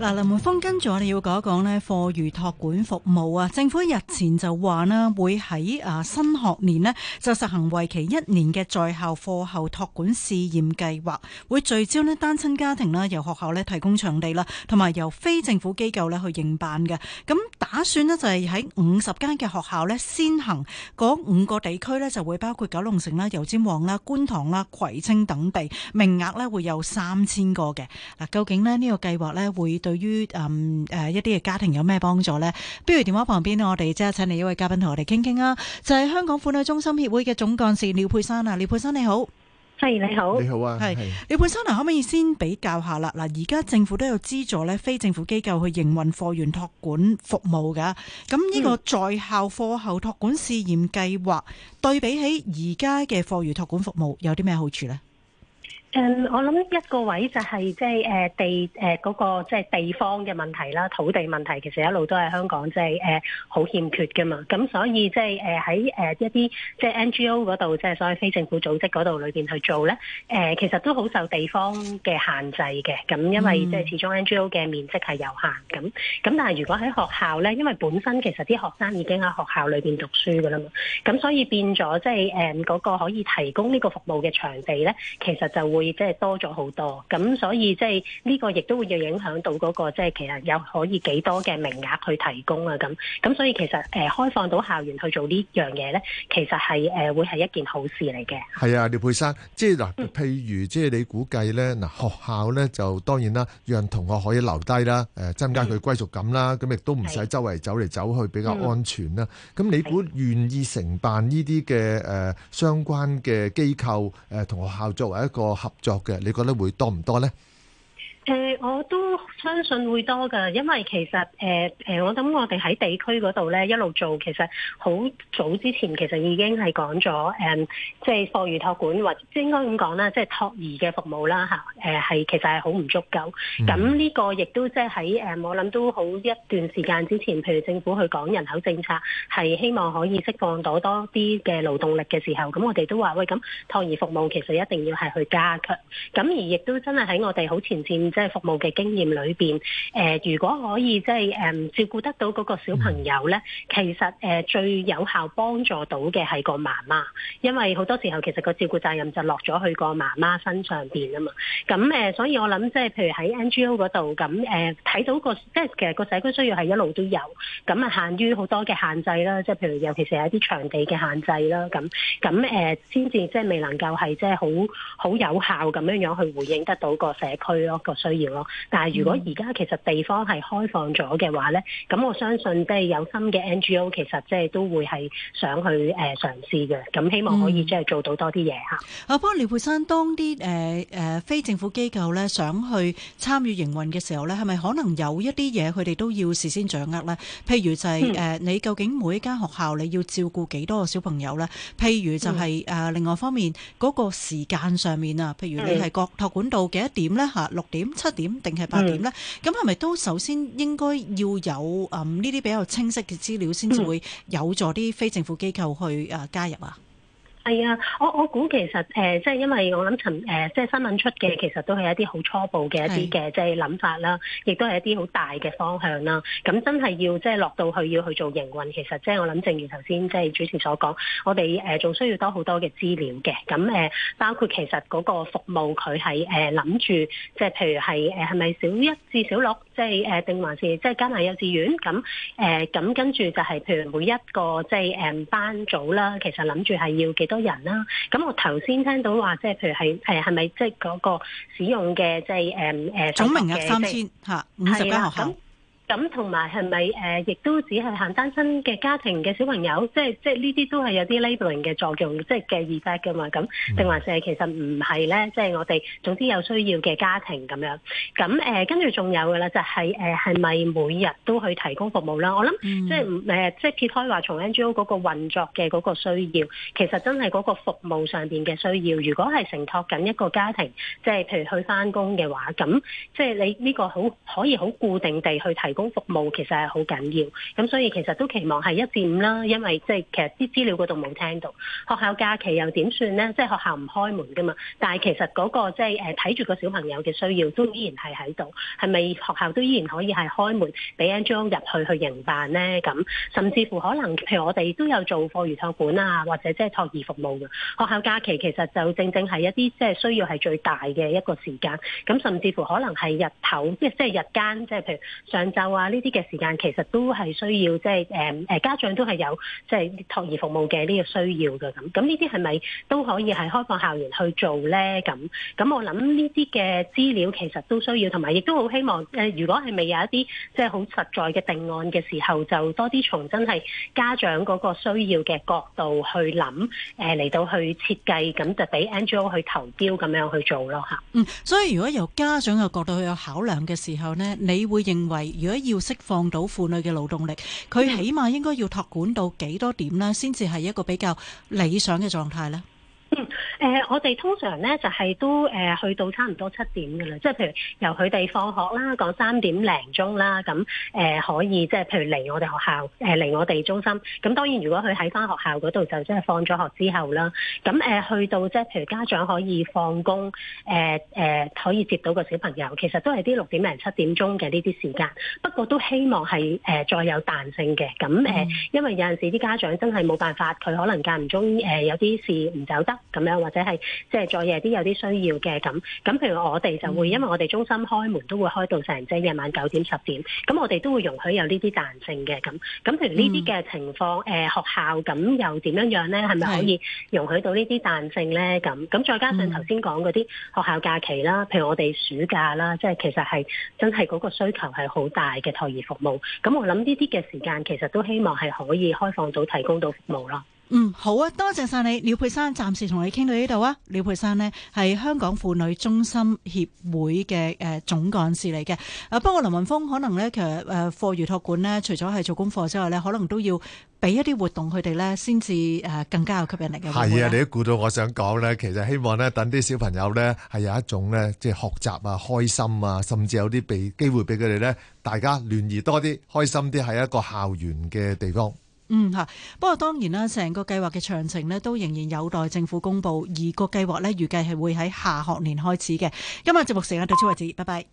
嗱，林梅峰跟住我哋要講一講呢課餘託管服務啊，政府日前就話啦，會喺啊新學年呢，就實行為期一年嘅在校課後託管試驗計劃，會聚焦呢單親家庭啦，由學校咧提供場地啦，同埋由非政府機構咧去營辦嘅。咁打算呢，就係喺五十間嘅學校呢先行，嗰五個地區呢，就會包括九龍城啦、油尖旺啦、觀塘啦、葵青等地，名額呢會有三千個嘅。嗱，究竟呢，呢個計劃呢會對於誒、嗯呃，一啲嘅家庭有咩幫助呢？不如電話旁邊，我哋即係請嚟一位嘉賓同我哋傾傾啊！就係、是、香港婦女中心協會嘅總幹事廖珮珊啊，廖珮珊你好，係你好，你好啊，係廖珮珊啊，可唔可以先比較下啦？嗱，而家政府都有資助呢非政府機構去營運貨源託管服務㗎，咁呢個在校、課後託管試驗計劃，對比起而家嘅貨源託管服務，有啲咩好處呢？嗯，我諗一個位就係即係誒地誒嗰、呃嗰個即係、即係、地方嘅問題啦，土地問題其實一路都係香港即係誒好欠缺噶嘛，咁所以即係誒喺誒一啲即係 NGO 嗰度即係所謂非政府組織嗰度裏邊去做咧，誒、呃、其實都好受地方嘅限制嘅，咁因為即係、嗯、始終 NGO 嘅面積係有限，咁咁但係如果喺學校咧，因為本身其實啲學生已經喺學校裏邊讀書噶啦嘛，咁所以變咗即係誒嗰個可以提供呢個服務嘅場地咧，其實就會。會即係多咗好多，咁所以即係呢個亦都會要影響到嗰個即係其實有可以幾多嘅名額去提供啊，咁咁所以其實誒開放到校園去做呢樣嘢咧，其實係誒會係一件好事嚟嘅。係啊，廖珮珊，即係嗱，譬如即係你估計咧，嗱學校咧就當然啦，讓同學可以留低啦，誒增加佢歸屬感啦，咁亦都唔使周圍走嚟走去比較安全啦。咁你估願意承辦呢啲嘅誒相關嘅機構誒同學校作為一個？合作嘅，你覺得會多唔多咧？誒，我都相信會多㗎，因為其實誒誒我諗我哋喺地區嗰度咧一路做，其實好早之前其實已經係講咗，誒即係課餘託管或應該咁講啦，即係託兒嘅服務啦吓誒係其實係好唔足夠。咁、嗯、呢個亦都即係喺誒，我諗都好一段時間之前，譬如政府去講人口政策，係希望可以釋放到多啲嘅勞動力嘅時候，咁我哋都話喂，咁托兒服務其實一定要係去加強，咁而亦都真係喺我哋好前線。即係服務嘅經驗裏邊，誒、呃，如果可以即係誒照顧得到嗰個小朋友咧，其實誒、呃、最有效幫助到嘅係個媽媽，因為好多時候其實個照顧責任就落咗去個媽媽身上邊啊嘛。咁誒、呃，所以我諗即係譬如喺 NGO 度咁誒，睇、呃、到個即係其實個社區需要係一路都有，咁啊限於好多嘅限制啦，即係譬如尤其是一啲場地嘅限制啦，咁咁誒先至即係未能夠係即係好好有效咁樣樣去回應得到個社區咯個需要咯，但係如果而家其實地方係開放咗嘅話咧，咁我相信即係有心嘅 NGO 其實即係都會係想去誒嘗試嘅，咁希望可以即係做到多啲嘢嚇。阿，廖珮珊，當啲誒誒非政府機構咧想去參與營運嘅時候咧，係咪可能有一啲嘢佢哋都要事先掌握咧？譬如就係、是、誒、嗯，你究竟每一間學校你要照顧幾多個小朋友咧？譬如就係誒，另外方面嗰、嗯那個時間上面啊，譬如你係國託管到幾多點咧？嚇、啊，六點。七點定係八點呢？咁係咪都首先應該要有嗯呢啲比較清晰嘅資料，先至會有助啲非政府機構去啊加入啊？係啊，我我估其實誒，即係因為我諗尋誒，即、呃、係新聞出嘅，其實都係一啲好初步嘅一啲嘅即係諗法啦，亦都係一啲好大嘅方向啦。咁真係要即係落到去要去做營運，其實即係我諗，正如頭先即係主持所講，我哋誒仲需要多好多嘅資料嘅。咁誒，包括其實嗰個服務佢係誒諗住，即係譬如係誒係咪小一至小六，即係誒定還是即係加埋幼稚園？咁誒咁跟住就係譬如每一個即係誒班組啦，其實諗住係要幾多？人啦，咁我頭先聽到話，即係譬如係誒，係咪即係嗰個使用嘅，即係誒誒，總名額三千吓，五十間學校。咁同埋係咪誒，亦、呃、都只係限單身嘅家庭嘅小朋友，即係即係呢啲都係有啲 labeling 嘅作用，即係嘅 e f effect 㗎嘛？咁定還是其實唔係咧？即係我哋總之有需要嘅家庭咁樣。咁跟住仲有嘅啦、就是，就係係咪每日都去提供服務啦？我諗、嗯、即係、呃、即係撇開話從 NGO 嗰個運作嘅嗰個需要，其實真係嗰個服務上面嘅需要。如果係承托緊一個家庭，即係譬如去翻工嘅話，咁即係你呢個好可以好固定地去提供。咁服務其實係好緊要，咁所以其實都期望係一至五啦，因為即係其實啲資料嗰度冇聽到學校假期又點算呢？即係學校唔開門㗎嘛，但係其實嗰個即係睇住個小朋友嘅需要都依然係喺度，係咪學校都依然可以係開門俾啲裝入去去營辦呢？咁甚至乎可能譬如我哋都有做課餘托管啊，或者即係托兒服務嘅學校假期其實就正正係一啲即係需要係最大嘅一個時間，咁甚至乎可能係日頭即係即係日間，即係譬如上晝。話呢啲嘅時間其實都係需要，即係誒誒，家長都係有即係托兒服務嘅呢個需要嘅咁。咁呢啲係咪都可以係開放校園去做咧？咁咁我諗呢啲嘅資料其實都需要，同埋亦都好希望誒，如果係未有一啲即係好實在嘅定案嘅時候，就多啲從真係家長嗰個需要嘅角度去諗，誒嚟到去設計，咁就俾 NGO 去投標咁樣去做咯吓。嗯，所以如果由家長嘅角度去考量嘅時候咧，你會認為如果？要釋放到婦女嘅勞動力，佢起碼應該要託管到幾多點呢？先至係一個比較理想嘅狀態呢？誒、呃，我哋通常咧就係、是、都誒、呃、去到差唔多七點㗎啦，即係譬如由佢哋放學啦，講三點零鐘啦，咁誒、呃、可以即係譬如嚟我哋學校嚟、呃、我哋中心。咁當然，如果佢喺返學校嗰度，就即係放咗學之後啦。咁誒、呃、去到即係譬如家長可以放工，誒、呃呃、可以接到個小朋友，其實都係啲六點零七點鐘嘅呢啲時間。不過都希望係、呃、再有彈性嘅。咁、呃嗯、因為有陣時啲家長真係冇辦法，佢可能間唔中有啲事唔走得咁樣。或者係即係再夜啲有啲需要嘅咁，咁譬如我哋就會、嗯，因為我哋中心開門都會開到成，即係夜晚九點十點，咁我哋都會容許有呢啲彈性嘅咁。咁譬如呢啲嘅情況，誒、嗯呃、學校咁又點樣樣咧？係咪可以容許到這些彈呢啲彈性咧？咁咁再加上頭先講嗰啲學校假期啦、嗯，譬如我哋暑假啦，即、就、係、是、其實係真係嗰個需求係好大嘅托兒服務。咁我諗呢啲嘅時間其實都希望係可以開放到提供到服務咯。嗯，好啊，多謝晒你，廖珮珊，暫時同你傾到呢度啊。廖珮珊呢係香港婦女中心協會嘅誒總幹事嚟嘅。啊，不過林文峰可能咧，其實誒課餘託管咧，除咗係做功課之外咧，可能都要俾一啲活動佢哋咧，先至誒更加有吸引力嘅。係啊，你都估到我想講咧，其實希望咧等啲小朋友咧係有一種咧即係學習啊開心啊，甚至有啲俾機會俾佢哋咧，大家聯誼多啲，開心啲，喺一個校園嘅地方。嗯吓，不過當然啦，成個計劃嘅詳情咧都仍然有待政府公布，而個計劃咧預計係會喺下學年開始嘅。今日節目時間到此為止，拜拜。